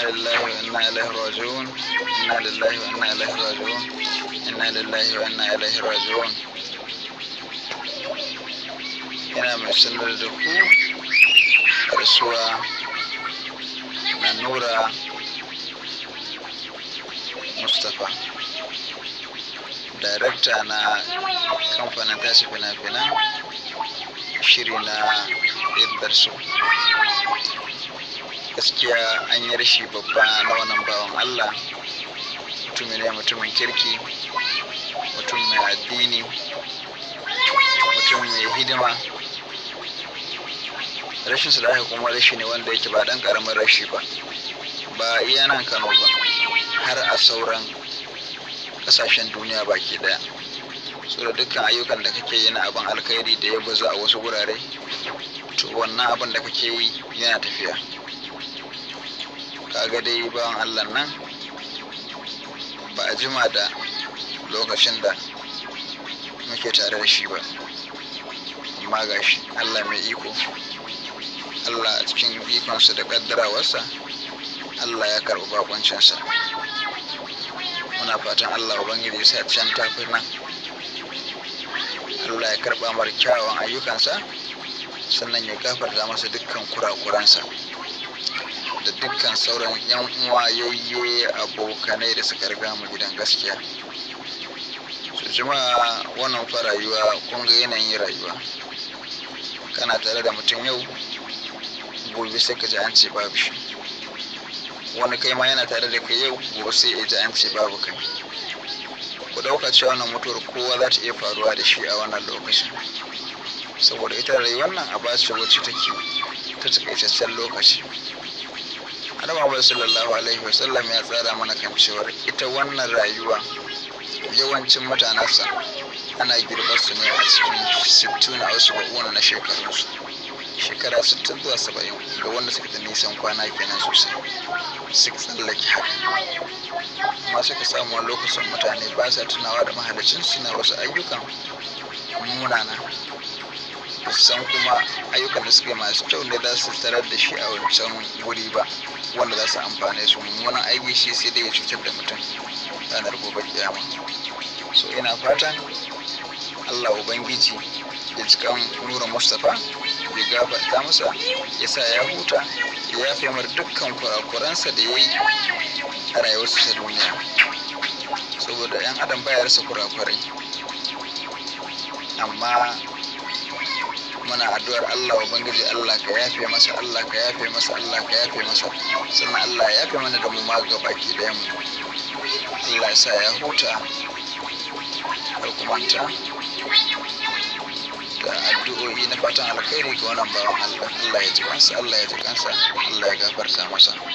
إنا لله وإنا إليه راجعون إنا لله وإنا إليه راجعون إنا لله وإنا إليه راجعون ina mai sanar da ku rasuwa na nura mustapha darakta na kamfanin tashi fina-finan shiri na ilbarsu gaskiya an yi rashi babba na wannan bawan allah mutum ne mutumin kirki mutum mai addini mutum mai hidima rashin su da aka kuma rashi ne wanda yake ba dan karamin rashi ba ba iya nan kano ba har a sauran kasashen duniya baki daya so da dukkan ayyukan da kake yi na abin alkhairi da ya bazu a wasu wurare to wannan abin da kake yi yana tafiya kaga dai bayan allah nan ba a jima da lokacin da muke tare da shi ba amma ga shi allah mai iko allah a cikin ikonsa da kaddarawarsa allah ya karɓi bakoncinsa muna fatan allah ubangiji da sa can tafi nan allah ya karɓa mara kyawun ayyukansa sannan ya gafarta masa dukkan kurakuransa da dukkan sauran yan uwa yoyi abokanai da suka riga mu gidan gaskiya Su jima wannan fa rayuwa kun ga yanayin rayuwa kana tare da mutum yau gobe sai ka ji an ce babu shi wani kai ma yana tare da kai yau gobe sai ya ji an ce babu kai ku ɗauka cewa wannan mutuwar kowa za ta iya faruwa da shi a wannan lokacin saboda ita rayuwar nan a ba ce wacce take ta takaitaccen lokaci annabi abu sallallahu alaihi sallam ya tsara mana kan cewar ita wannan rayuwa yawancin mutanensa ana girbar su ne a cikin sittuna a wasu ba'uwan na shekaru shekara sittin zuwa saba'in ga wanda suka da nisan kwana kenan sosai suka tsallake haka amma suka samu lokacin mutane ba sa tunawa da mahalicin suna wasu ayyukan munana san kuma ayyukan da suke masu kyau ne za su tarar da shi a wancan wuri ba wanda za su amfane su wani aiki shi sai dai ya cutar da mutum ranar gobe kiyama so ina fatan allah ubangiji ya cika nura mustapha ya gafarta masa ya sa ya huta ya fi mar dukkan kurakuransa da ya yi a rayuwarsa ta duniya saboda yan adam bayar sa kurakurai amma muna addu'ar Allah wa bangiji Allah ka yafe masa Allah ka yafe masa Allah ka yafe masa sannan Allah ya yafe mana da mu ma ga baki ɗayan mu Allah sa ya huta alkumanta da addu'o'i na fatan alkhairi ga wannan bawan Allah Allah ya ji kansa Allah ya ji kansa Allah ya gafarta masa